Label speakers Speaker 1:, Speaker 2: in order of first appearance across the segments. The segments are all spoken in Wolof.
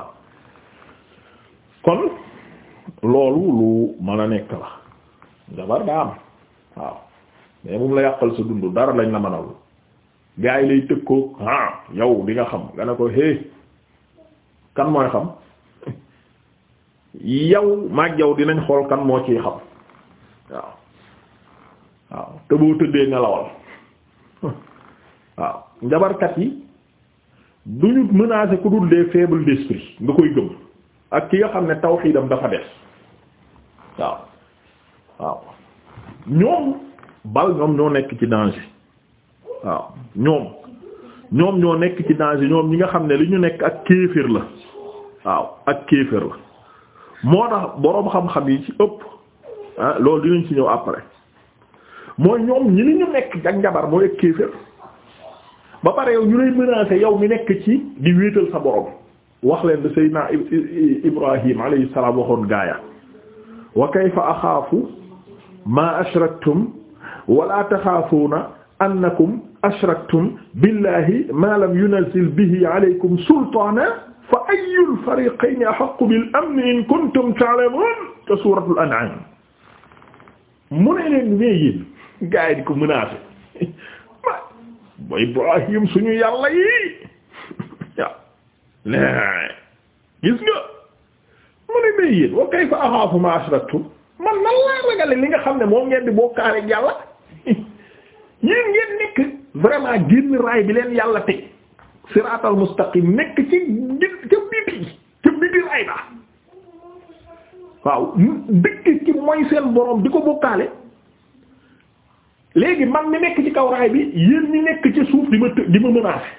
Speaker 1: waaw kon loolu lu mën a nekk la jabar daa am waaw mais moom la yàqal sa dund dara lañ la mënal gaa yi lay tëkkoog ah yow di nga xam nga ne ko hé kan mooy xam yow maag yow dinañ xool kan moo ciy xam waaw waaw te tëddee nga lawal waaw njabarkat yi du ñu menacer ku dul des faibles d'esprit nga koy gëm ak ki nga xam ne tawxiidam dafa des waaw waaw ñoom bal ñoom ñoo nekk ci danger waaw ñoom ñoom ñoo nekk ci danger ñoom ñi nga xam ne li ñu nekk ak kéefër la waaw ak kéefër la moo tax boroom xam-xam yi ci ëpp ah loolu dinañ ci ñëw après mooy ñoom ñi li ñu nekk ak njabar mooy ak kéefër ba pare yow ñu lay menacer yow mi nekk ci di wéetal sa borom wax leen da Seydina Ibrahim alayhi salaam waxoon gaaya wa kayfa axaafu maa ashraktum wala taxaafuuna annakum ashraktum billahi ma lam yunzil bihi alaykum sultaana fa ayyul fariqayni ahaqqu bil amni in kuntum ta'lamuun te suuratul an'aam mu ne leen nee yéen gaay di ko menacer ba Ibrahim suñu yàlla yi waaw laa gis nga mu ne may yéen wa kayfa axaafu ma ashraktum man nan laa li nga xam ne moom ngeen di bokkaale ak yàlla yéen ngeen nekk vraiment génn raay bi leen yàlla teg siraatal mustaqim nekk ci ca biti ca biti raay ba waaw dëkk ci mooy seen borom di ko bokkaale léegi man mi nekk ci kaw raay bi yéen ñi nekk ci suuf di ma të di ma menacé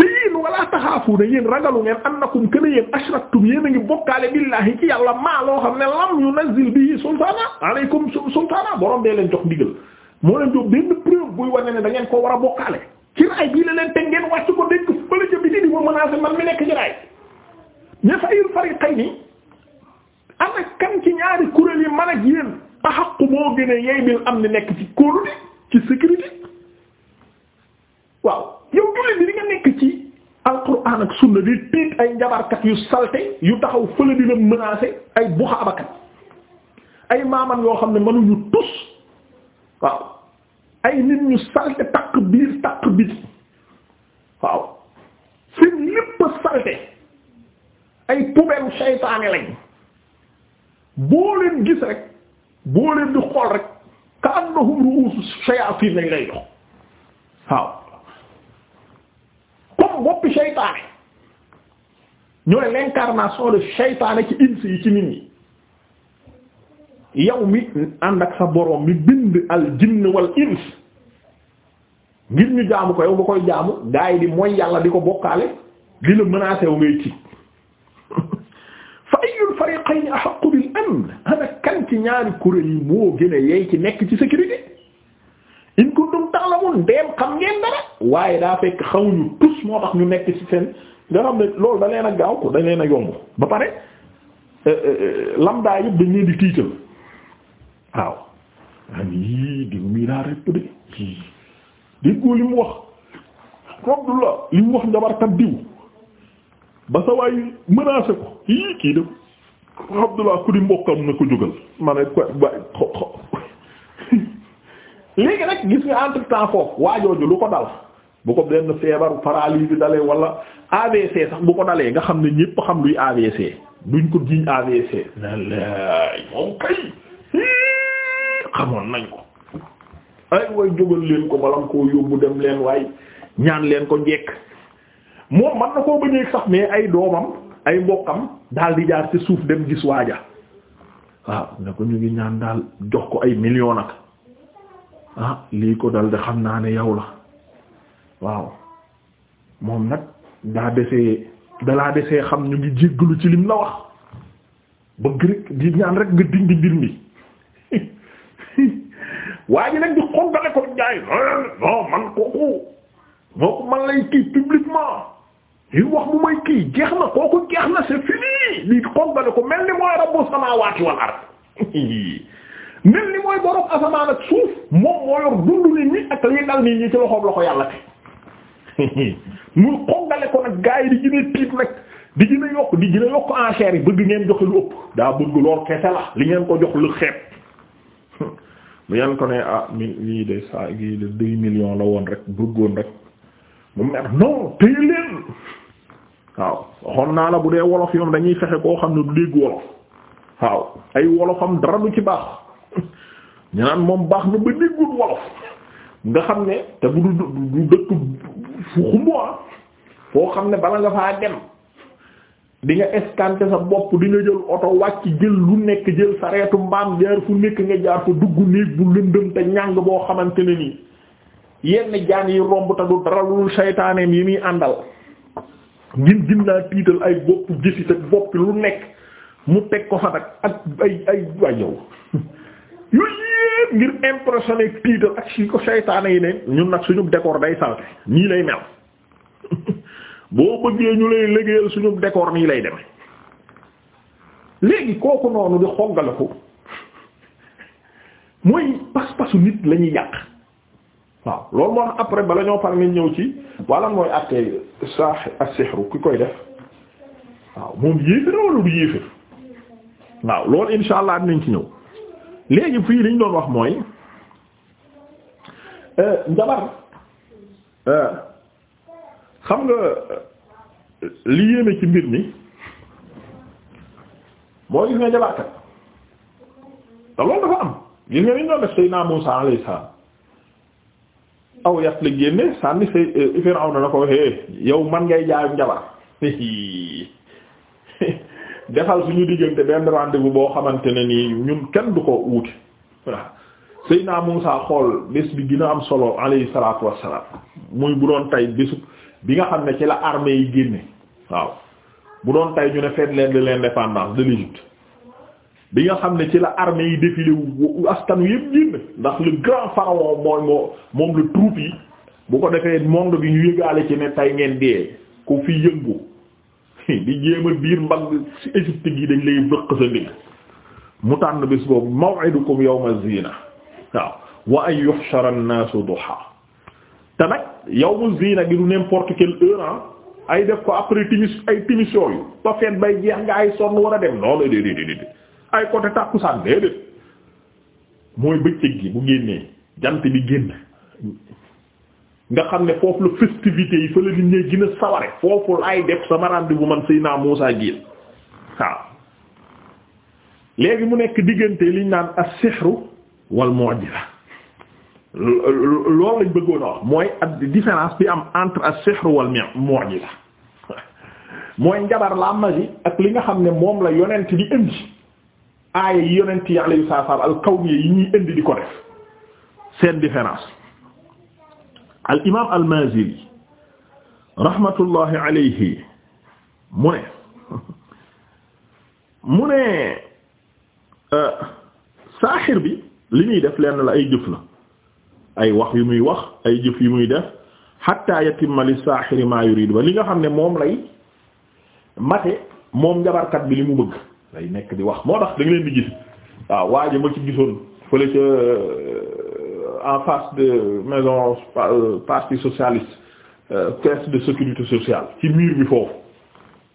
Speaker 1: te yéen wala taxaafuuna yéen ragalu ngeen annakum kana yéen ashraktum yéen a ngi bokkaale billahi ci yàlla maa loo xam ne lam yunazzil bihi sultaana aleykum sultaana borom bee leen jox ndigal moo leen jox benn preuve buy wane ne da ngeen koo war a bokkaale ci raay bii la leen teg ngeen wàcc ko dégg fële ca biti di ma menacé man mi nekk ci raay ña fayil fariqayni ana kan ci ñaari kuréel yi man ak axaqu moo gën a yey bil am ni nekk ci kóolute ci sécurité waaw yow jullit bi nga nekk ci alquran ak sunna di tiit ay njabarkat yu salte yu taxaw fële di la ay buxaabakat ay maaman yoo xam ne mënuñu tus waaw ay nit ñu salte takk biir takk biti waaw seen lépp salte ay poubelle seytaane lañ boo leen gis rek boo leen di xool rek ka annahum ru'usu shayatin lañ lay jox waaw boppi seytaane ñooy l'incarnation de seytaane ci insi yi ci nit yow mi ànd ak sa boroom mi bind al jinn wal ngir ñu jaamu ko yow ba koy jaamu gaa di mooy yàlla di ko bokkaale di la menacer wu ngay tiit fa ayyul fariqayn ahaqqu bil amn kan ci ñaari kuréel yi moo gën a ci nekk ci sécurité in kuntum ta'lamun ndeem xam ngeen dara waaye daa fekk xawuñu tus moo tax ñu nekk ci seen nga xam ne lool da leen a gaaw ko da leen a yomb ba pare euh, euh, euh, lamda yëpp dañ leen di tiital waaw am yii diw mii daa rek de déggoo li wax Abdullah li wax njabar diw ba sa waay ko yii kii def Abdullah ku di mbokkam na ko jógal ma ne ko bay xo xo léegi nag gis nga entre temps foofu waajooju lu ko dal bu ko benn feebar paralysie bi dalee wala sax bu ko dalee nga xam ne ñépp xam luy AVC duñ ko jiñ AVC na moom kay xamoon nañ ko ay way jógal leen ko balam koo yóbbu dem leen waaye ñaan leen ko njekk moom man na koo bañeeg sax mais ay doomam ay mbokkam daal di jaar ci suuf dem gis waaja waaw ne ko ñu ngi ñaan daal jox ko ay million ak ah lii ko dal xam naa ne yow la waaw moom nag daa desee dalaa desee xam ñu ngi jéggalu ci lim la wax bëgg rek di ñaan rek nga dindi mbir mi nag di xontale ko jaay non man kooku moo man lay kii publiquement li wax mu may kii jeex na kooku jeex na c'est fini li xombale ko mel ni mooy rabbu samaawaati wal ard mel ni mooy borom asamaan ak suuf moom moo yor dundu nit ak li dal nit ñi ci loxoom la ko yàlla te muy xombale ko nag gaa yi di gën a tiit di gën a yokk di gën yokk enchère yi bëgg ngeen joxe lu ëpp daa bëgg lool kese la li ngeen ko jox lu xeeb yan ko ne ah mi lii de saa lii de deux millions la woon rek bëggoon rek mu mer non téye leen waaw waxoon naa la bu dee wolof yi dañuy fexe koo xam ne du dégg wolof waaw ay wolofam dara du ci baax ñaan naan moom baax na ba déggul wolof nga xam ne te bu du dëkk fu xumboa ah foo xam ne bala nga faa dem di nga escanté sa bopp di nga jël oto wàcc jël lu nekk jël sa reetu mbaam jaar fu nekk nga jaar fa dugg néeg bu lëndëm te ñàng boo xamante ne nii yenn jaan yi romb te du dara lu seytaaneem yi muy àndal ngin gin naa tiital ay bopp jësit ak bopp lu nekk mu teg ko fa ak ay ay waay yow yooyu ngir impressionné ak si ko seytaane yi ne ñun nag suñu décor day salte nii lay mel boo bëggee ñu lay liggéeyal suñu décor nii lay dem léegi kooku noonu di xoggale ko mooy pas-pasu nit lañuy yàq waaw loolu moo tax après bala ñoo pare nañ ñëw ci walla mooy àttee saa as-sihru ki koy def waaw moom yéefir walla du yéefir waaw loolu insha allah dinañ ci ñëw léegi fii liñ doon wax mooy euh, njabar euh, xam nga euh, li yéeme ci mbir mi mooy gis nga njabarkat te loolu dafa am gis nga liñ doon def Seydina Muusaa alayhi salaam aw yat la génne sànni say euh, Firawna na na ko hé yow man ngay jaayum njabar defal suñu diggante benn rendez-vous boo xamante ne nii ñun kenn du ko wuute naa Seydina saa xool bés bi gina am solo alayhi salaatu wassalaam muy bu doon tay bésu bi nga xam ne ci la armée yi génne waaw bu doon tay ñu ne leen de l'indépendance de l'Égypte bi nga xam ne ci la armée yi défilé wu askan yëpp génn ndax le grand pharaon mooy moo moom la troupe yi bu ko defee monde bi ñu yëgaale ci ne tey ngeen dee ko fi yëngu di jéem biir mbagg ci Égypte gi dañ lay bëq sa ndigg mu tànn bis boobu maw'idukum yawma zina waaw wa an ay an-nasu duha te nag yawmu zina gi du n'importe quelle heure ah, ay def ko après timis ay timis yooyu ba feet bay jeex nga ay sonn war a dem noonu déedéedéedéet ay côté tàkkusaan déedéet mooy bëccëg gi bu génnee jant bi génn nga xam ne foofu la festivité yi fa la nit a saware foofu laay def sama rendez-vous man sëy naa Muusaa Gil waaw léegi mu nekk diggante liñ naan as-sihru wal mu'jiza loolu lañ bëggoon wax mooy ak différence bi am entre as-sihru wal mu'jiza mooy njabar la magie ak li nga xam ne moom la yonent di indi aaya yi yonent yi alayhi salaam al kawni yi ñuy indi di ko def seen différence al imaam al Maazili rahmatullahi mu ne mu ne euh, saaxir bi li ñuy def lenn la ay jëf la ay wax yu muy wax ay jëf yu muy def hatta yatimma li saaxiri ma yurid ba li nga xam ne moom lay mate moom njabarkat bi li mu bëgg day nekk di wax moo tax da nga leen di gis waaw waa ji ma ci gisoon fële ca euh, en face de maison euh, parti socialiste euh, caisse de sécurité sociale ci mur bi foofu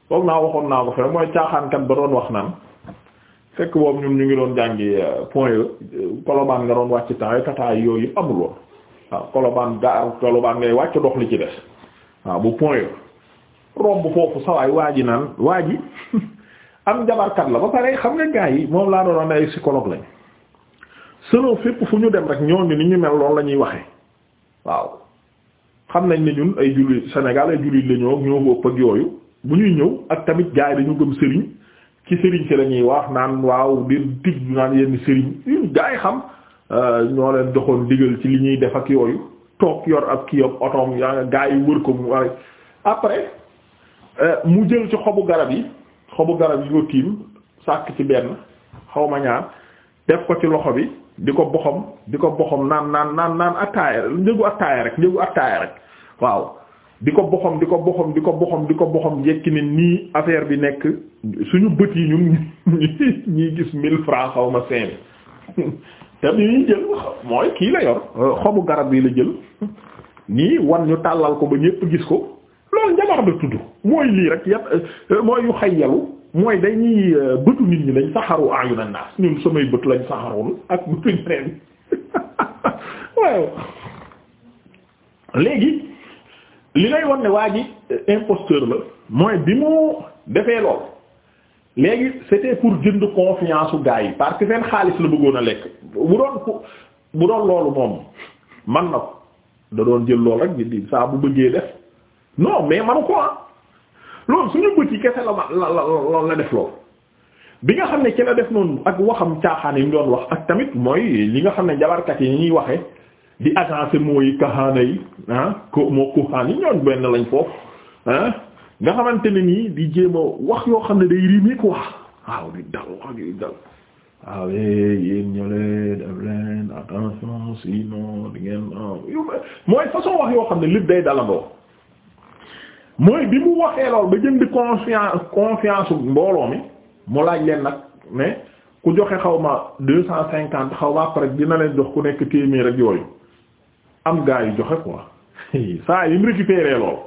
Speaker 1: foog naa waxoon naa ko fee mooy caaxaankat ba doon wax naan fekk boobu ñun ñu ngi doon jàngi point e kolobaan nga doon wàcc temps yi yooyu yëpp amul woon waaw kolobaan gaar kolobaan ngay wàcc dox li ci des waaw bu point e romb foofu sawaay waa naan waa am jabarkat la ba pare xam nga gars yi moom laa doon ne ay psychologue lañ selon fépp fu ñu dem rek ñooñu ni ñu mel loolu la ñuy waxee waaw xam nañ ne ñun ay jullit Sénégal ay jullit la ñoo ñoo bopp ak yooyu bu ñuy ñëw ak tamit gars yi dañu gëm sëriñ ci sëriñ si lañuy ñuy wax naan waaw di tig naan yenn sëriñ ñun gars xam euh, ñoo leen doxoon digal ci li ñuy def ak yooyu toog yor ak kii yom otoom yaa nga gars yi wër ko mu après euh, mu jël ci xobu garab yi. xobu garab yi ko tiim sàkk ci benn xaw ma ñaar def ko ci loxo bi di ko boxom di ko boxom naan naan naan naan attaaya njëgu attaaya rek njëgu attaaya rek waaw di ko boxom di ko boxom di ko boxom di ko boxom yekki ni nii affaire bi nekk suñu bët yi ñun ñuy gis mille francs xaw ma cinq te ñuy jël mooy kii la yor xobu garab yi la jël nii wan ñu tàllal ko ba ñépp gis ko loolu njabar la tudd mooy lii rek yat euh, mooy yu xayyalu mooy dañuy euh, bëtu nit ñi lañ saxaru ayuna naas ñun samay bët lañ saxarul ak bëtu ñeneen waaw léegi li lay won ne waa ji euh, imposteur la mooy bi mu defee lool léegi et pour jënd confiance u gars yi parce que seen xaalis la bëggoon a lekk bu doon bu doon loolu moom man na ko da doon jël lool rek di saa bu bëggee def non mais manu ko ah loolu bët yi kese la ma la la def loolu bi nga xam ne ci la def noonu ak waxam caaxaan yi mu doon wax ak tamit mooy li nga xam ne jabarkat yi ñuy waxee di agencé mooy kaxaana yi ah ko moo kuxaan yi ñoon benn lañ foofu ah nga xamante ne nii di jéem wax yoo xam ne di dal wax di dal waaw di ngeen ah, mooy façon wax yoo xam ne lit day dalandoo mooy bi mu waxee lool ba jënd confiance confiance mbooloo mi mu laaj leen nag ne ku joxe xawma ma deux cent cinquante xaw ma après dina leen jox ku nekk téeméer ak yooyu am gaa yu joxe quoi saa yi mu récupéré lool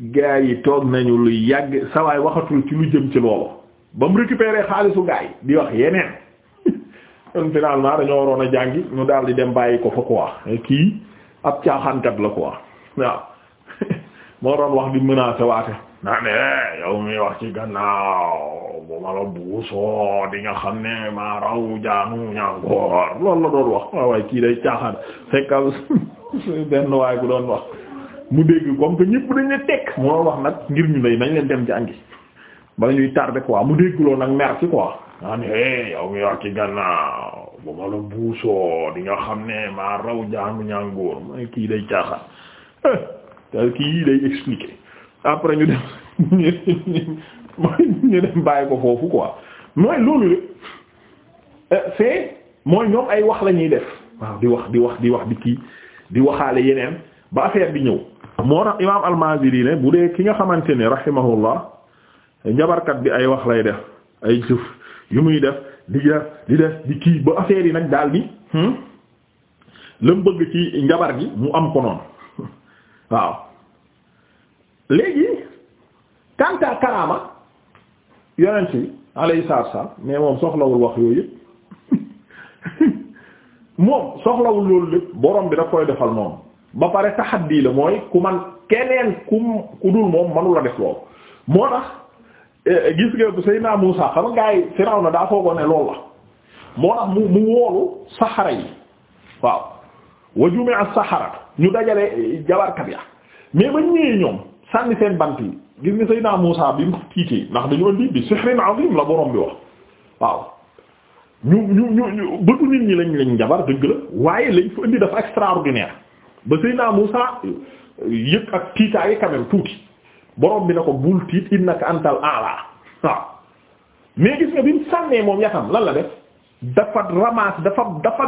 Speaker 1: gaa yi toog nañu lu yàgg sawaay waxatul ci lu jëm ci loolu ba mu récupéré xaalisu gaa yi di wax yeneen kon finalement dañoo waroon a jàngi ñu daal di dem bàyyi ko fa quoi kii ab caaxaankat la quoi waaw. moo doon wax di menacé waate naa ne eh, yow mi wax ci gannaaw bu ma la buusoo di nga xam ne maa raw jaanu ñàngoor loolu la doon wax waaw waaye kii day caaxaan waay bu doon wax wax nag ngir ñu lay nañ leen dem jàngi bala ñuy tardé mu dégg loolu nag mer ci eh, ma la buusoo di xam ne maa raw jaanu ñàngoor mooy kii day caaxaan eh. kii yii day expliquer après ñu dem ñu dem bàyyi ko foofu quoi mooy loolu la euh, c'est mooy ñoom ay wax lañuy ñuy def waaw di wax di wax di wax di kii di waxaale yeneen ba affaire bi ñëw moo tax imaam al ne bu dee ki nga xamante ni rahimahullah njabarkat bi ay wax lay def ay jëf yu muy def di def di kii ba affaire yi nag daal di hmm, la mu bëgg ci njabar gi mu am ko noonu waaw léegi kanta karaama yonent bi alayhi salaatu salaam mais moom soxlawul wax yooyu yëpp moom soxlawul loolu lépp borom bi daf koy defal noonu ba pare taxaddi la mooy ku man keneen ku ku dul moom mënu def loolu moo tax eh, gis nga Seydina Muusaa xam nga yi Firawna daa foogoo ne loolu la moo tax mu mu woolu saxara yi waaw wa jumi'a as-saharatu ñu dajale jabarkat ya mais ba ñëwee ñoom sànni seen bant yi gis nga Seydina Muusaa bi mu tiitee ndax dañu andi bi sihrin azim la borom bi wax waaw ñu ñu ñu ñu bëtu nit ñi lañ lañ jabar dëgg la waaye lañ fa indi dafa extraordinaire ba Seydina Muusaa euh, yëg ak tiitaay quand même tuuti borom bi na ko bul tiit innaka antal a'la waaw mais gis nga bi mu sànnee moom yatam lan la def dafa ramasse dafa dafa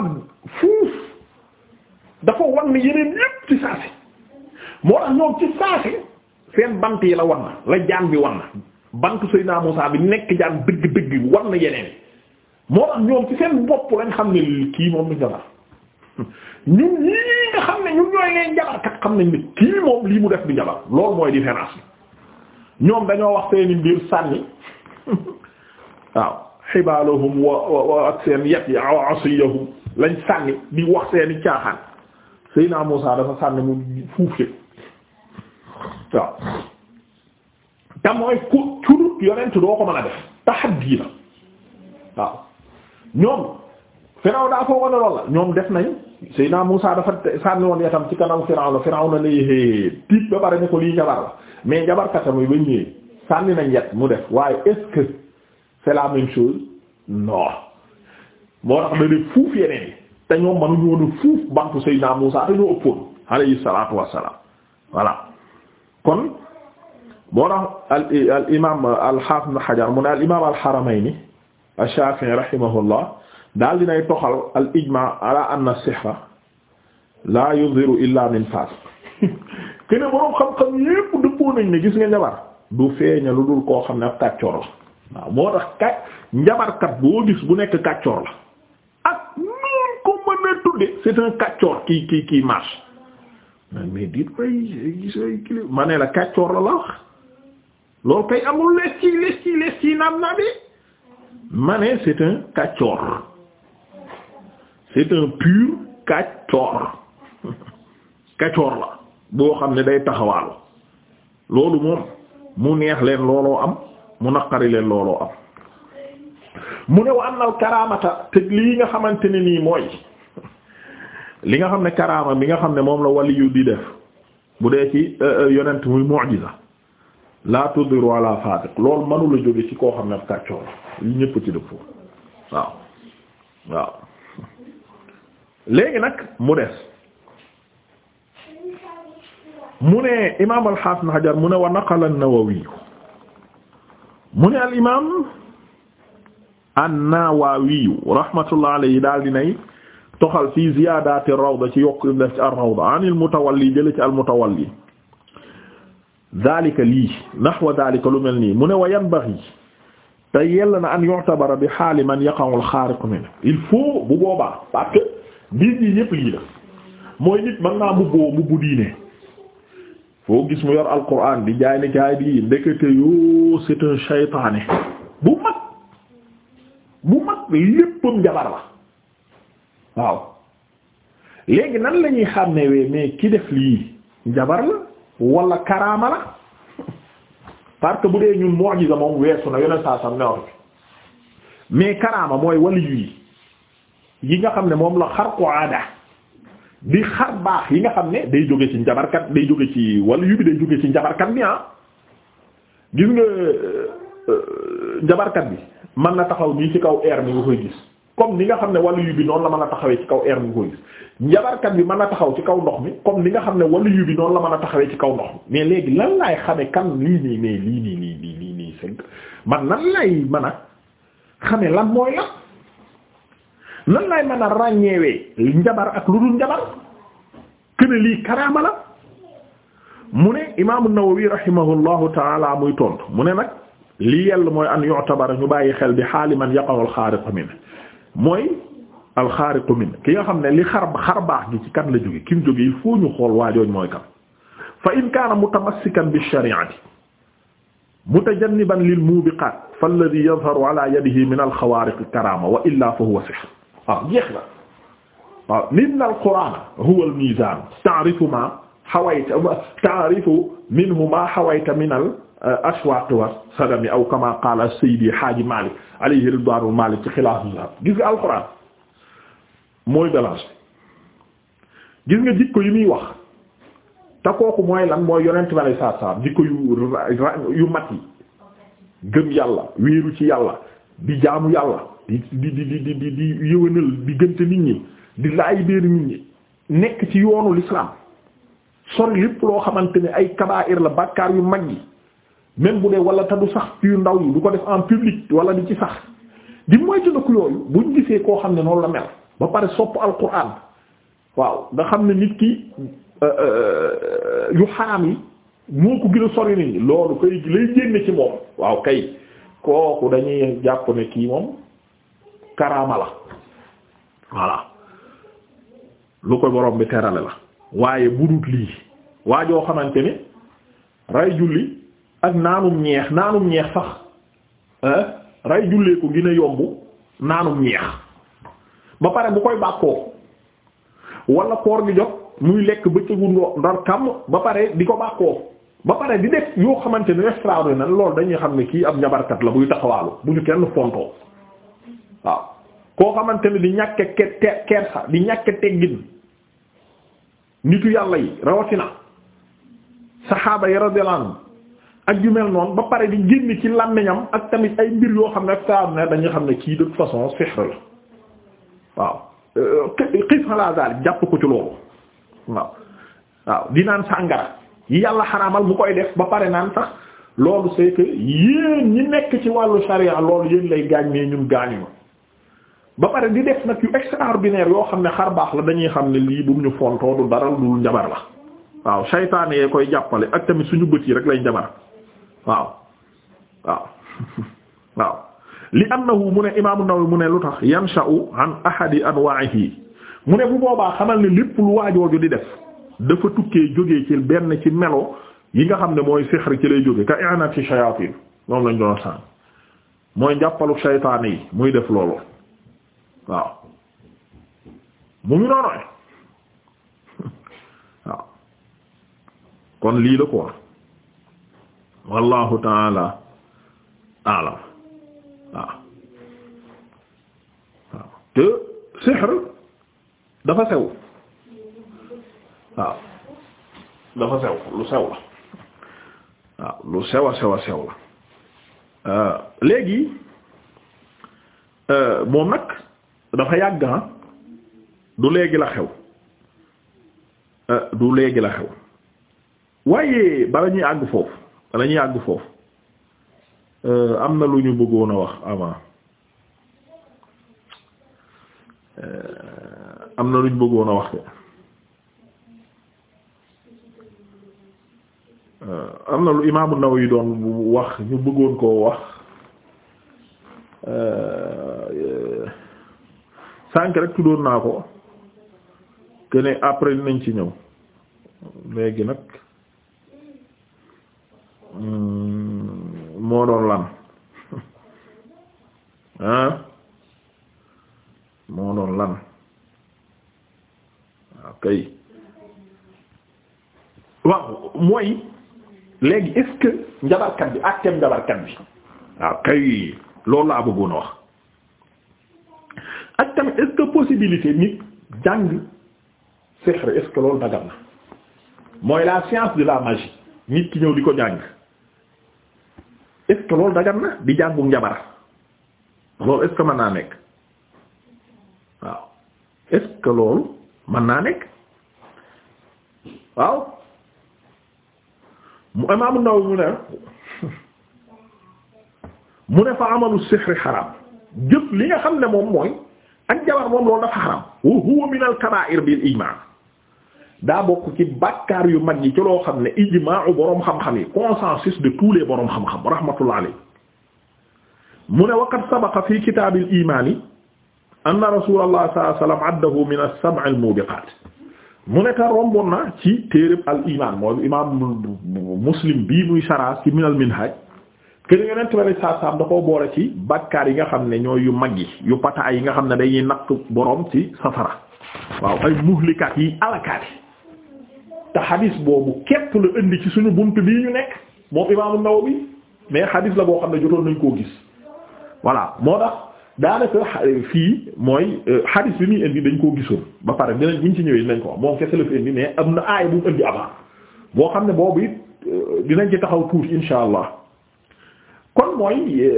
Speaker 1: fuuf dafa wan yeneen yépp ci saa si moo tax ñoom ci saa si seen bant yi la wan na la jaan bi wan na bantu Seydina Musaa bi nekk jaan dëgg-dëgg wan na yeneen moo tax ñoom ci seen bopp lañ xam ne kii moom lañ jabar ñun ñii nga xam ne ñun ñooy ngay jabarkat xam nañ ne kii moom lii mu def bi jabar loolu mooy différence bi ñoom dañoo wax seeni mbir sànni waaw xibaaluhum wa wa ak seen yat yi asiyahum lañ sànni di wax seeni caaxaan Seydina Muusaa dafa sànni mu fuuf yëpp waaw te mooy ku cudut yonent doo ko mën a def taxaddi la waaw ñoom Firawna daa foo wane lool la ñoom def nañ Seydina Muusaa dafa sànni woon yatam ci kanam Firawna Firawna ne tiit ba bare ne ko lii jabar la mais jabarkatam yi ba ñëwee sànni nañ yet mu def waaye est-ce que c'est la moo tax da def fuuf yeneen yi te ñoom mënuñu woon a fuuf bantu Seydina Muusaa te ñoo ëppoon alayhi salaatu wassalaam voilà kon moo tax al al imaam al haafiz ibn Hajar mu ne al imaam al Haramayni ash daal dinay toxal al ijmaa ala anna sihra laa yuzhiru illaa du feeña lu dul koo xam ne ab kàccoor la moo tax kàcc njabarkat boo gis bu nekk kàccoor la leen tudde c'est un kaccoor kii kii kii marche mais la kaccoor la la wax loolu kay amul les ci les ci les ci naam naa bi ma c'est un kaccoor c'est un pur kaccoor kaccoor la boo xam ne day taxawaalu loolu moom mu neex leen looloo am mu naqari leen looloo am mu ne wa am nal karaamata te lii nga xamante ne mooy li nga xam ne karaama bi nga xam ne moom la waliyu di def bu dee ci euh, euh, yonent muy mu'jiza la tuddiru ala fatiq loolu mënu jóge ci koo xam ne ab kàccoor li ñëpp ci dëppoo waaw waaw léegi nag mu des mu ne imaam al-Hasan Hajar mu ne wa naqala an mu ne al imaam an-Nawawi rahmatullah alayhi daal dinay toxal fii ziyaadaati rawda ci yokk im def ci ar-rawda anil mutawalli jële ci al-mutawalli daalika lii naxwa daalika lu mel nii mu ne wa yanbaghi te yell na an yu'tabara bi xaali man yaqa'u al-xaariq min il faut bu boobaa parce que diis yi yépp lii mooy nit mën naa mbubboo mbubbu diine foo gis mu yor alquran di jaay ne yoo c'est un bu mag bu mag léppam waaw léegi nan la ñuy xàmmewee mais ki def lii njabar la wala karaama la parce bu dee ñun mu'jiza moom weesu na yeneen saa sam newatu mais karaama mooy waliyu yi yi nga xam ne moom la xarqu aada di xar baax yi nga xam ne day jóge ci njabarkat day jóge ci waliyu bi day jóge ci njabarkat bi ah gis nga euh, euh, njabarkat bi mën na taxaw nii ci kaw air mi nga gis comme ni nga xam ne waliyu bi noonu la mën a taxawee ci kaw air bi koy njabarkat bi mën a taxaw ci kaw ndox mi comme ni nga xam ne waliyu bi noonu la mën a taxawee ci kaw ndox mi mais léegi lan laay xamee kan lii nii mais lii nii nii nii nii nii man nan lay mën a xamee lan mooy lan nan laay mën a ràññeewee njabar ak lu dul njabar kene lii karaama la mu ne imaamu Nawawi rahimahullahu taala muy tontu mu ne nag lii yell mooy an yu'tabara ñu bàyyi xel bi xaali man yaqa'u al-xaariq min mooy alxaariqu min ki nga xam ne li xar xar baax gi ci kan la jóge ki mu jóge il faut ñu xool waa jooju mooy kan fa in kaana mutamassikan bi shari'ati mutajanniban lil mubiqaat falladhi yadharu ala yadihi min alxawaariqi karaama wa illaa fa huwa sihr waaw jeex na waaw inna alqur'aana huwa almiizaan ta'rifu maa hawayta ta'rifu minhu maa hawayta minal ashwaq wa sadami aw kama qala saydi haaji malik alayhi ridwaanu malik ci xilaasu zahab gis nga alxuraan mooy balance gis nga jikko yu muy wax te kooku mooy lan mooy yonent bi alay saatu jikko yu yu mat yi gëm yàlla wéeru ci yàlla di jaamu yàlla di di di di di di yëwénal di gënte nit ñi di laay béer nit ñi nekk ci yoonu lislaam sori lépp loo xamante ni ay kabaa'ir la bàkkaar yu mag yi même bu dee wala te du sax yu ndaw yi du ko def en public wala di ci sax di moytu na ko yooyu buñ gisee koo xam ne noonu la mel ba pare sopp alquran waaw nga xam ne nit ki euh, euh, yu xaram yi moo ko gën a sori nit loolu kay lay génne ci moom waaw kay kooku dañuy jàpp ne kii moom karaama la voilà lu ko borom bi terale la waaye budut lii waajoo xamante ni ray julli ak naanum ñeex naanum ñeex sax rey jullee ko gën yomb naanum ñeex ba pare bu koy bàkkoo wala koor gi jot muy lekk bëccëgu ndar kàmm ba pare di ko bàkkoo ba pare di def yoo xamante ni ne na lool dañuy xam ne kii ab njabarkat la buy taxawaalu bu ñu kenn fontoo waaw koo xamante ne di ñàkk kersa di ñàkk teggin nitu yàlla yi rawatina saxaaba yi radiyallahu anhum ak yu mel noonu ba pare di génn ci làmmiñam ak tamit ay mbir yoo xam ne ak saa ne dañuy xam ne kii de toute façon sihr la waaw xis euh, ala daal jàpp ko ci loolu waaw di naan sàngara yi yàlla xaraamal mu koy def ba pare naan sax loolu c'est que ñi nekk ci wàllu sharia loolu yéen lay gaañ mais ñun gaañu ba pare di def nag yu extraordinaire yoo xam ne xar baax la dañuy xam ne lii bu ñu fontoo du dara dul njabar la waaw saytaane yee koy jàppale ak tamit suñu bët yi rek lay njabar waaw waaw waaw li annahu mu ne imaamu Nawawi mu ne lu tax yansha'u an ahadi anwa'ihi mu ne bu boobaa xamal ne lépp lu waajooju di def dafa tukkee jóge ci benn ci melo yi nga xam ne mooy sixr ci lay jóge ka i'anati shayatin moom lañ doon sànn mooy njàppalu shaytaan yi muy def loolu waaw mu ngi noonu waaw kon lii la ko wallahu taala alam waaw waaw te sihr dafa sew waaw dafa sew lu sew la waaw lu sew a sew a sew la euh, léegi euh, moom nag dafa yàgg ha ah. du léegi la xew euh, du léegi la xew waaye bala ñuy àgg foofu danañ yàgg foofu euh, am na lu ñu bëggoon a wax avant euh, am na lu ñu bëggoon a wax de euh, am na lu imaamu Nawawi doon wax ñu bëggoon koo wax sànq rek tuddoon naa ko que ne après nañ ci ñëw léegi nag. Hmm, moo doon lan ah moo doon lan waaw waaw mooy léegi est njabarkat bi ak tem njabarkat bi waaw loolu laa bëggoon a ak tamit est-ce que nit jàng sihr est loolu dagal na mooy la science de la magie nit ki ñëw di ko jàng est-ce que loolu dagan na di jàngu loolu est-ce naa nekk waaw est loolu mën naa nekk waaw mu imaamu Nawawi mu ne mu ne fa amalu sihri xaram jëf li nga xam ne moom mooy ak jabar moom loolu dafa xaram wa huwa min al kaba'ir bil daa bokk ci bàkkaar yu mag yi ci loo xam ne ijmaa'u boroom xam-xam yi consensus de tous les boroom xam-xam rahmatullah alayhi mu ne waqad sabaqa fi kitaabil imaani anna rasulallah sallallahu alayhi wa sallam mu ne te romboon na ci téereb al imaan imaam muslim bii muy saraas ci minal minhaj kër yonent bi saa saam da koo boole ci bàkkaar yi nga xam ne ñooy yu mag yi yu pataay yi nga xam ne dañuy naq boroom ci safara waaw ay muhlikaat yi alakaati te xadis boobu képp la indi ci suñu bunt bii ñu nekk moom Imaamu Nawawi mais xadis la boo xam ne jotoon nañ koo gis voilà moo tax daanaka euh, fii mooy euh, xadis bi muy indi dañ koo gisoon ba pare dinañ buñ ci ñëwee dinañ ko moom kese la fi indi mais am na aay bu mu boo xam ne boobu it euh, dinañ ci taxaw tuuti insha allah kon mooy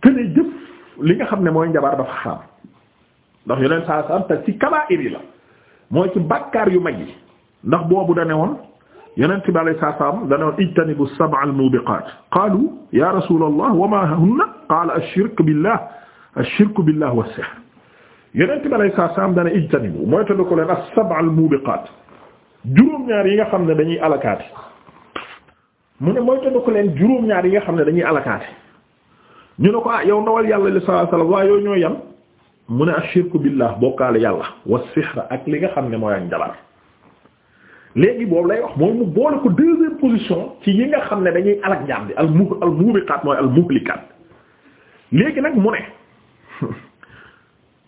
Speaker 1: këne jëf li nga xam ne mooy njabar dafa xaram ndax yeneen saa saa te ci kabaa'ir yi la mooy ci bàkkaar yu mag yi ndax boobu da ne woon yonent bi alayhi salaam da ne woon ijtanibu sab'a al-mubiqaat qaalu ya rasuulallah wa maa hunna qaala ash-shirku billah ash-shirku billah wa as-sihr yonent bi alayhi salaam da ne ijtanibu mooy tëdd ko leen as-sab'a al-mubiqaat juróom-ñaar yi nga xam ne dañuy alakaati mu ne mooy tëdd ko leen juróom-ñaar yi nga xam ne dañuy alakaati ñu ne ko ah yow ndawal yàlla li sallallahu ñoo yam mu ne ash-shirku billah yàlla wa as-sihr li nga xam ne mooy ak njabar léegi boobu lay wax mooy mu boole ko deuxième position ci yi nga xam ne dañuy alak jaam bi al mu al mubiqaat mooy al muhlikaat léegi nag mu ne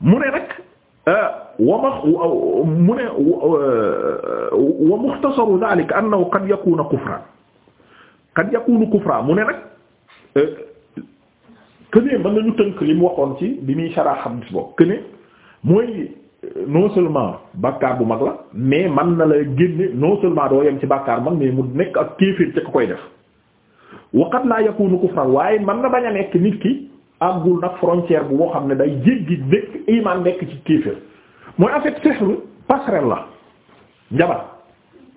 Speaker 1: mu ne nag euh, wa ma mu ne wa muxtasaru daalika annahu qad yakunu kufran qad yakunu kufran mu ne nag euh, que ne nañu tënk li waxoon ci bi muy sharah hadith boobu que mooy. non seulement bàkkaar bu mag la mais man na la génne non seulement doo yem ci bàkkaar mag mais mu nekk ak kéeféer ca ko koy def waqat laa yakunu kufran waaye man na bañ a nekk nit ki àggul nag frontière bu boo xam ne day jéggi nekk iman nekk ci kéeféer mooy en fait sexlu passerelle la njabar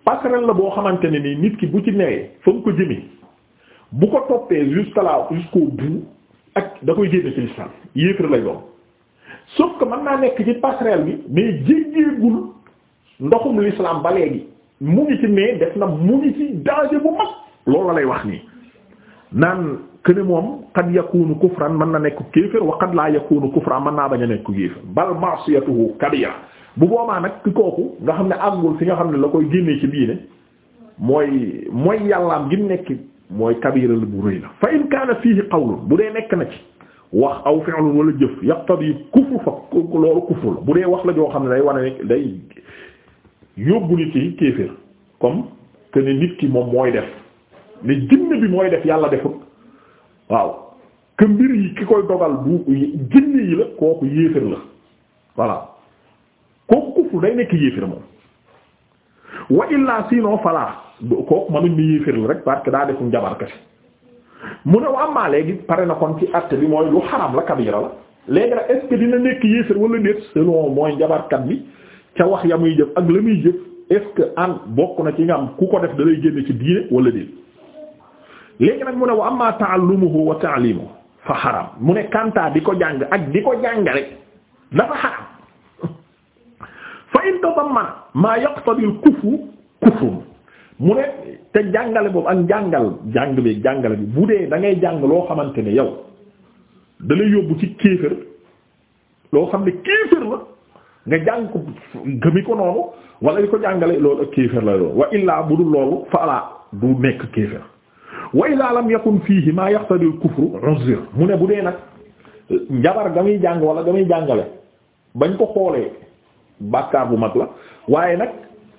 Speaker 1: passerelle la boo xamante ne nii nit ki bu ci newee fa mu ko jëmee bu ko toppee jusqu'à là jusqu'au bout ak da koy génne ci l'islam yéeféer lay doon sauf que mën naa nekk ci passerelle bi mais jéggeegul ndoxum lislaam ba léegi mu ngi ci mais def na mu ngi ci danger bu mag loolu lay wax nii naan que moom qad yakunu kufran mën na nekk kéefër wa qad laa yakunu kufran mën naa bañ a nekk kéefër bal ma'siyatuhu kabira bu boobaa nag ki kooku nga xam ne àggul fi nga xam ne la koy génnee ci biine mooy mooy yàllaam gi nekk mooy kabira la bu rëy la fa in kaana fiihi qawlun bu dee nekk na ci wax aw fi'lun wala jëf yaqtadi kufru fa loolu kufru la bu dee wax la joo xam ne day wane ne day yóbbu nit ki kéefër comme que nit ki moom mooy def ne jinne bi mooy def yàlla defut waaw que yi ki koy dogal du jinne yi la kooku yéefër la voilà kooku kufru day nekk yéefër moom wa illaa sinon falaa kooku mënuñ ne yéefër la rek parce que daa defum jabar kese mu ne wa ammaa léegi pare na kon ci acte bi mooy lu xaram la kabira la léegi nag est dina nekk yéefér wala déet selon mooy njabarkat bi ca wax ya muy jëf ak la muy jëf est ce que an bokk na ci nga am ku ko def da génne ci diine wala déet léegi nag mu ne wa ammaa ta'allumuhu wa ta'limuhu fa xaram mu ne kanta di ko jàng ak di ko jàngale dafa xaram fa in tadammana ma yaqtadi al-kufru kufrun mu ne te jàngale boobu ak jàngal jàng bi jàngale bi bu dee dangay ngay jàng loo xamante ni yow da yóbbu ci kéefër loo xam ne kéefër la nga jàng ko gëmi ko noonu wala di ko jàngale loolu ak kéefër la loolu wa illaa bu dul loolu fa alaa du nekk kéefër wa illaa lam yakun mu ne bu dee nag njabar ga muy jàng wala ga muy jàngale bañ ko xoolee bàkkaar bu mag la waaye nag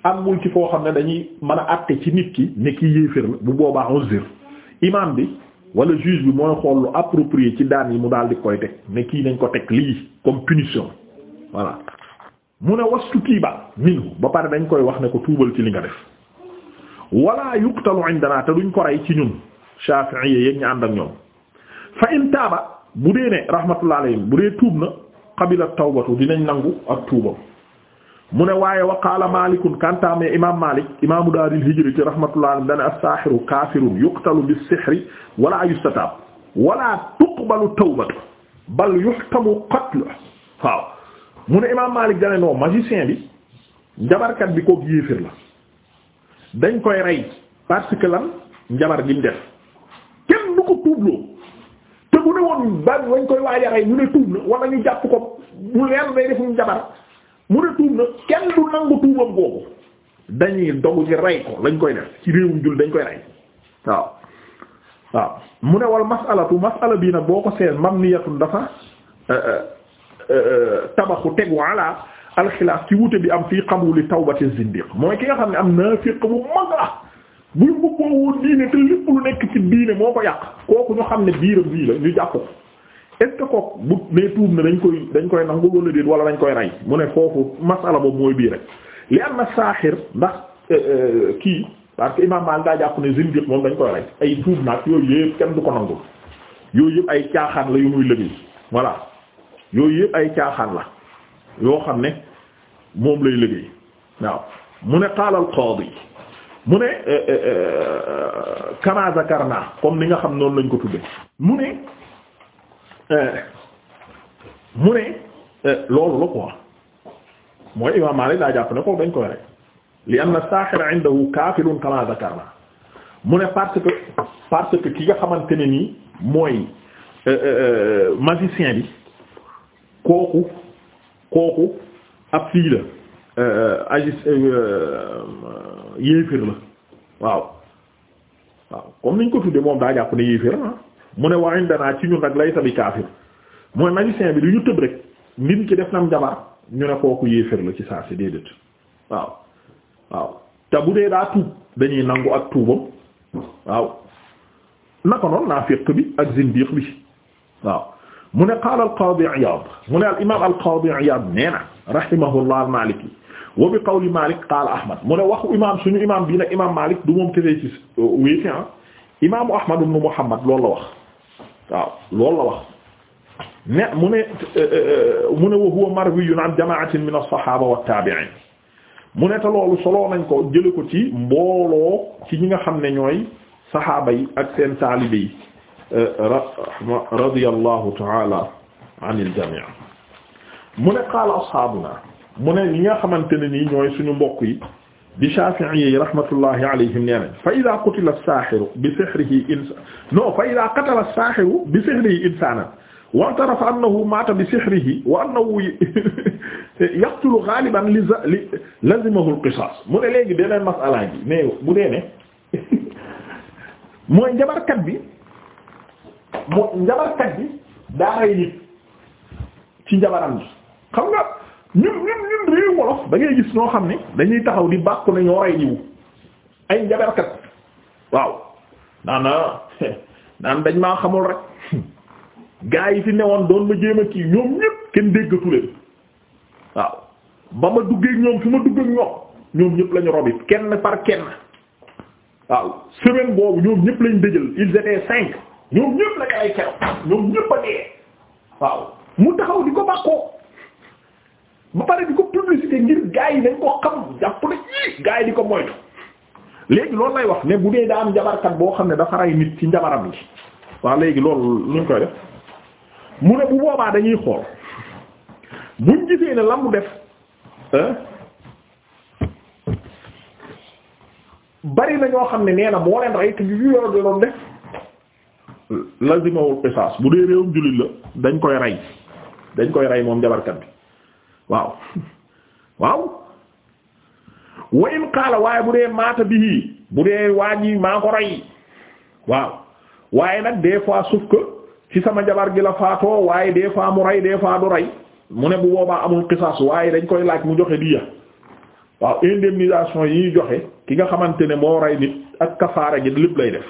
Speaker 1: am muy ci foo xam ne dañuy man a àtte ci nit ki ne ki yéeféer la bu boobaa uzr imam bi wala juge bi mooy xool lu approprié ci daan yi mu daal di koy teg ne kii nañ ko teg lii comme punition voilà mu ne wastu kiiba minhu ba pare dañ koy wax ne ko tuubal ci li nga def wala yuqtalu indana te ko rey ci ñun shafi'i yeeg ñu ànd ak ñoom fa in taaba bu dee ne rahmatullah alayhi bu dee tuub na qabila tawbatu dinañ nangu ak tuubam mu ne waaye wa qaala malikun kantaame imam malik imamu daaril hijri ci rahmatullah alam dane as-saahiru kaafirun yuqtalu bis-sihri wala yustataab wala tuqbalu tawbatu bal qatlu mu ne imam malik dane non magicien bi njabarkat bi kook yéefir la dañ koy rey parce que lan njabar gi mu def kenn du ko tuubloo te bu ne woon ba wañ koy waaja rey ñu ne tuub na wala ñu jàpp ko mu leer day defum njabar mu ne tuub na kenn du nangu tuubam googu dañuy dogu ci rey ko lañ koy def ci réewum jul dañ koy rey waaw waaw mu ne wal masalatu masala bii nag boo ko seen mabniyatun dafa euh, euh, euh, tabaxu tegu ala alxilaaf ci wute bi am fii qabuli tawbati zindiq mooy ki nga xam ne am naafiq bu mag la buy mbubboo woon diine te lépp lu nekk ci diine moo ko yàq kooku ñu xam ne biiram bii la ñu jàpp est ce que kook bu nee tuub ne dañ koy dañ koy nangu wala déet wala dañ koy rey mu ne foofu masala boobu mooy bii rek li am na saaxir ndax euh, euh, kii parce que imam Maalik daa jàpp ne zindiq moom dañ koy rey ay tuub nag yooyu yëpp kenn du ko nangu yooyu yëpp ay caaxaan la yu muy lëgëy voilà yooyu ay caaxaan la yoo xam ne moom lay lëgëy waaw mu ne qaala al qaadi mu ne euh, kama zakarna comme ni nga xam noonu lañ ko tudde mu ne mu ne loolu la quoi mooy Imaam Maalik daa jàpp ne ko dañ koy rek li anna saaxira indahu kaafirun kama zakarna mu ne parce que parce que ki nga xamante ne nii mooy euh, euh, euh, magicien bi kooku kooku ab fii yéefir la waaw waaw comme niñ ko tuddee moom daa ne yéefir ah mu ne wa indana ci ñun nag laysa bi kaafir mooy magicien bi du ñu tëb rek ndim ci def nam jabar ñu ne kooku yéefér la ci saa si déedéet bu dee daa tuub dañuy nangu ak tuubam waaw naka noonu naafiq bi ak zindiq bi waaw mu ne al-qaadi Iyaad mu ne al-imaam al-qaadi Iyaad nee na rahimahullah al-Maaliki wa bi qawli Maalik qaala Ahmad mu wax waxu imaam suñu imaam bii nag imaam Maalik du moom kese ci wéete ah imaamu Ahmad ibn Muhammad loolu la wax. waaw loolu la wax ne mu ne euh, euh, euh, mu ne wa huwa marwiyun an jamaatin min as-sahaaba wa taabi'iin mu ne te loolu soloo nañ ko jële ko ci mbooloo ci ñi nga xam ne ñooy saxaaba yi ak seen taalibe yi radiyallahu ta'ala anil jamii mu ne qaala ashaabuna mu ne ñi nga xamante ne nii ñooy suñu mbokk yi bi Shafi'i yi rahmatullahi alayhim nee nañ fa ida qutila as-sahiru bi sihrihi insa non fa ida qatala as-sahiru bi sihrihi insanan wa i'tarafa annahu mata bi sihrihi wa annahu yaqtulu ghaliban li lazimahu al-qisas mu ne léegi beneen masala ji mais bu dee ne mooy njabarkat bi mooy njabarkat bi daa rey nit ci njabaram bi xam nga ñun ñun ñun réew wolof da ngay gis ñoo xam ne dañuy taxaw di bàkku ne ñoo rey diw ay njaberkat waaw naan ah, naan dañ maa xamul rek gaa yi fi newoon doon ma jéem kii ñoom ñëpp kenn déggatu leen waaw ba ma duggee ñoom fi ma dugg ñoom ñoom ñëpp lañu robit kenn par kenn waaw semaine boobu ñoom ñëpp lañ dëjël ils étaient cinq ñoom ñëpp lañu ay keroog ñoom ñëpp a dee waaw mu taxaw di ko bàkkoo ba pare di ko publicité ngir gaa yi dañ koo xam jàpp na ii gaa yi di ko moytu léegi loolu lay wax ne bu dee daa am njabarkat boo xam ne dafa rey nit ci njabaram li waaw léegi loolu luñ koy def mu ne bu boobaa dañuy xool buñ gisee ne la mu def bari na ñoo xam ne nee na moo leen rey te yu yor doon def lazimawul qisaas bu dee réewum jullit la dañ koy rey dañ koy rey moom njabarkat bi waaw waaw wa in waaye bu dee maata bihi bu dee waa ji maa ko rey waaw waaye nag des fois sauf que ci sama jabar gi la faatoo waaye des fois mu rey des fois du rey mu ne bu boobaa amul qisaas waaye dañ koy laaj mu joxe diya waaw indemnisation yi joxe ki nga xamante ne moo rey nit ak kafaara gi lépp lay def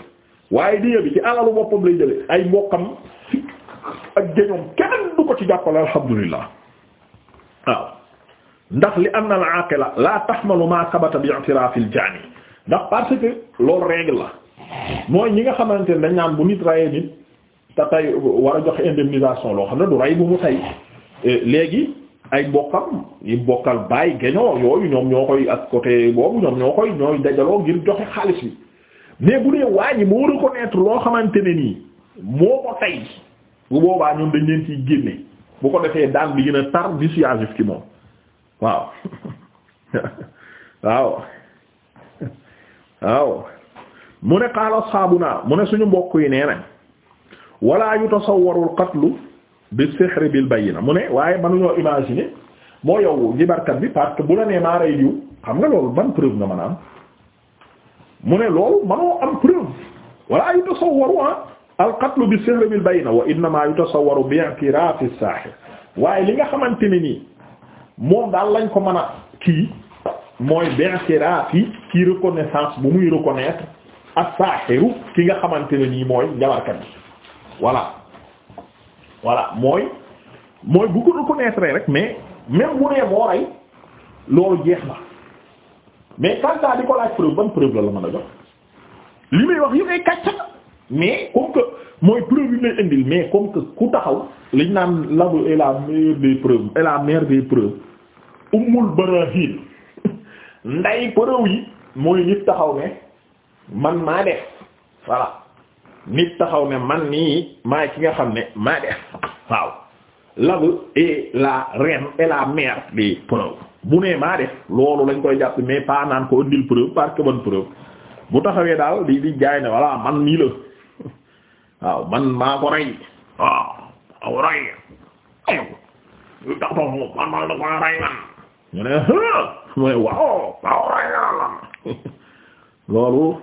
Speaker 1: waaye diya bi ci alalu boppam lay jële ay mbokkam ak géñoom kenn du ko ci jàppale alhamdulillah waaw ndax li anna al aqila la taxmalu ma sabata bi i'tiraf al jani ndax parce que loolu règle la mooy ñi nga xamante ne dañ naan bu nit rayee nit te tey war a joxe indemnisation loo xam ne du rey bu mu tey e, léegi ay mbokkam yi mbokkal baay geñoo yooyu ñoom ñoo koy ak côté boobu ñoom ñoo koy ñooy dajaloo ngir joxe xaalis bi mais bu dee waa ñi moo reconnaître loo xamante ne nii moo ko tey boobaa ñoom dañ leen ciy génne bu ko defee daan bi gën a tar dissuasif ci moom waaw waaw waaw mu ne qaala asxaabuna mu ne suñu mbokk yi nee nañ wala yutasawwaru al-qatlu bis-sihr bil-bayyina mu ne waaye mënuñoo imaginer moo yow jibarkat bi parce que bu la nee maa diw xam nga loolu ban preuve nga mën mu ne loolu mënoo am preuve wala yutasawwaru ah alqatlu bi sihr bil bayna wa innama yutasawwaru bi i'tiraaf as-saahir waaye li nga xamante ne nii moom daal lañ ko mën a kii mooy bi i'tiraaf yi kii reconnaissance bu muy reconnaître ak saahiru ki nga xamante ne nii mooy njabarkat bi voilà voilà mooy mooy bu ko reconnaître rek mais même mu nee moo rey loolu jeex na mais quant di ko laaj preuve ban preuve la la mën a jox li muy wax yëpp ay kàcc mais comme que mooy preuve yi lay indil mais comme que ku taxaw liñ naan l'arbre est la meilleure des preuves et la mère des preuves ummul barahin nday preuve yi mooy nit taxaw ne man maa def voilà nit taxaw ne man nii maay ki nga xam ne maa def waaw l'arbre est la reine et la mère des preuves bu nee maa def loolu lañ koy jàpp mais pas naan ko indil preuve parce que preuve bu taxawee daal di di jaay ne voilà man nii la waaw man maa ko rey maa ko rey man mu ne waaw waaw rey loolu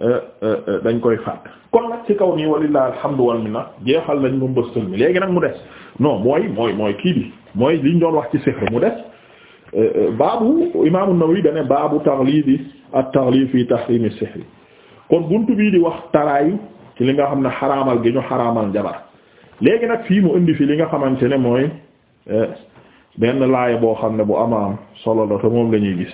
Speaker 1: euh, euh, euh, dañ koy fàtt kon nag ci kaw nii walilah alhamdu wal minna jeexal nañ moom bëstal mi léegi nag mu des non mooy mooy mooy kii bi mooy liñ doon wax ci sixr mu des baabu imaamu Nawawi dane baabu taxlidi at taxlid fi tahrimi sihri kon buntu bii di wax taraayu ci li nga xam ne xaraamal gi ñu xaraamal njabar léegi nag fii mu indi fi li nga xamante ne mooy eh, benn laaya boo xam ne bu amaam solo la moom la ñuy gis